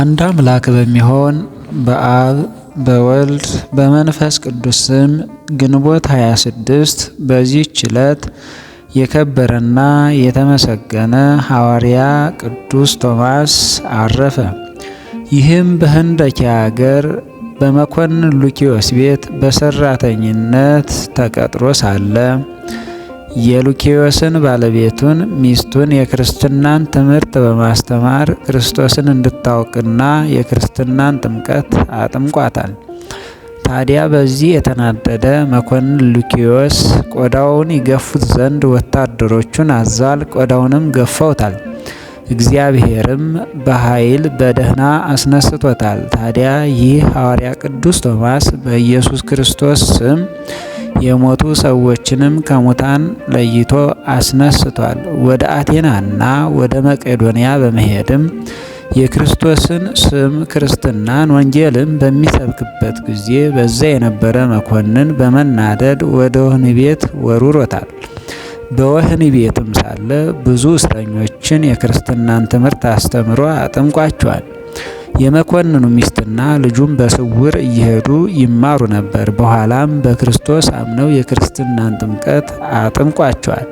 አንድ አምላክ በሚሆን በአብ በወልድ በመንፈስ ቅዱስ ስም ግንቦት 26 በዚህች ዕለት የከበረና የተመሰገነ ሐዋርያ ቅዱስ ቶማስ አረፈ። ይህም በህንደኪያ አገር በመኮንን ሉኪዮስ ቤት በሰራተኝነት ተቀጥሮ ሳለ የሉኪዮስን ባለቤቱን ሚስቱን የክርስትናን ትምህርት በማስተማር ክርስቶስን እንድታውቅና የክርስትናን ጥምቀት አጥምቋታል። ታዲያ በዚህ የተናደደ መኮንን ሉኪዮስ ቆዳውን ይገፉት ዘንድ ወታደሮቹን አዛል። ቆዳውንም ገፈውታል። እግዚአብሔርም በኃይል በደህና አስነስቶታል። ታዲያ ይህ ሐዋርያ ቅዱስ ቶማስ በኢየሱስ ክርስቶስ ስም የሞቱ ሰዎችንም ከሙታን ለይቶ አስነስቷል። ወደ አቴናና ወደ መቄዶንያ በመሄድም የክርስቶስን ስም ክርስትናን ወንጌልን በሚሰብክበት ጊዜ በዛ የነበረ መኮንን በመናደድ ወደ ወህኒ ቤት ወርውሮታል። በወህኒ ቤትም ሳለ ብዙ እስረኞችን የክርስትናን ትምህርት አስተምሮ አጥምቋቸዋል። የመኮንኑ ሚስትና ልጁም በስውር እየሄዱ ይማሩ ነበር። በኋላም በክርስቶስ አምነው የክርስትናን ጥምቀት አጥምቋቸዋል።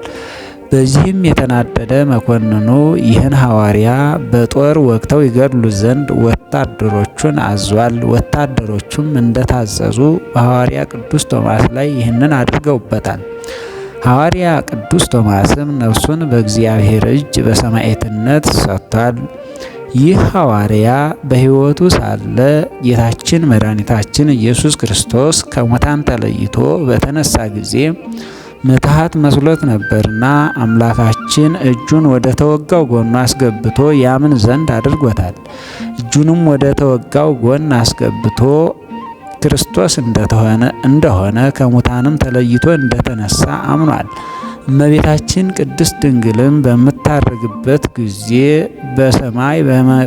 በዚህም የተናደደ መኮንኑ ይህን ሐዋርያ በጦር ወቅተው ይገድሉ ዘንድ ወታደሮቹን አዟል። ወታደሮቹም እንደታዘዙ በሐዋርያ ቅዱስ ቶማስ ላይ ይህንን አድርገውበታል። ሐዋርያ ቅዱስ ቶማስም ነፍሱን በእግዚአብሔር እጅ በሰማዕትነት ሰጥቷል። ይህ ሐዋርያ በሕይወቱ ሳለ ጌታችን መድኃኒታችን ኢየሱስ ክርስቶስ ከሙታን ተለይቶ በተነሳ ጊዜ ምትሃት መስሎት ነበርና አምላካችን እጁን ወደ ተወጋው ጎኑ አስገብቶ ያምን ዘንድ አድርጎታል። እጁንም ወደ ተወጋው ጎን አስገብቶ ክርስቶስ እንደሆነ ከሙታንም ተለይቶ እንደተነሳ አምኗል። እመቤታችን ቅድስት ድንግልም በምታርግበት ጊዜ በሰማይ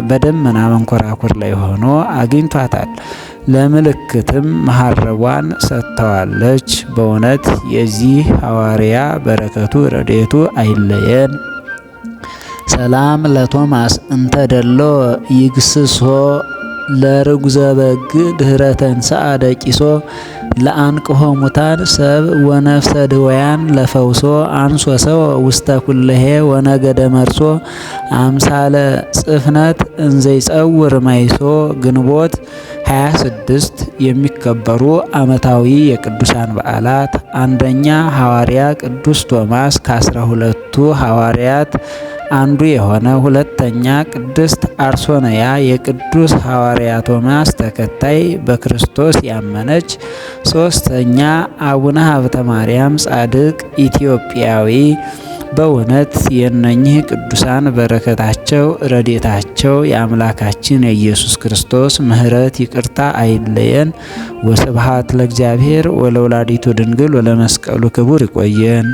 በደመና መንኮራኩር ላይ ሆኖ አግኝቷታል። ለምልክትም መሐረቧን ሰጥተዋለች። በእውነት የዚህ ሐዋርያ በረከቱ ረዴቱ አይለየን። ሰላም ለቶማስ እንተ ደሎ ይግስሶ ለርጉዘ በግ ድህረ ደቂሶ ለአንቅሆ ሙታን ሰብ ወነፍሰ ድወያን ለፈውሶ አንሶ ሰው ውስተ ኩለሄ ወነገደ መርሶ አምሳለ ጽፍነት እንዘይጸውር ማይሶ ግንቦት 26 የሚከበሩ ዓመታዊ የቅዱሳን በዓላት አንደኛ ሐዋርያ ቅዱስ ቶማስ ከአስራ ሁለቱ ሐዋርያት አንዱ የሆነ ሁለተኛ ቅድስት አርሶነያ የቅዱስ ሐዋርያ ቶማስ ተከታይ በክርስቶስ ያመነች ሶስተኛ አቡነ ሀብተ ማርያም ጻድቅ ኢትዮጵያዊ። በእውነት የእነኚህ ቅዱሳን በረከታቸው፣ ረዴታቸው የአምላካችን የኢየሱስ ክርስቶስ ምሕረት ይቅርታ አይለየን። ወስብሐት ለእግዚአብሔር ወለወላዲቱ ድንግል ወለመስቀሉ ክቡር። ይቆየን።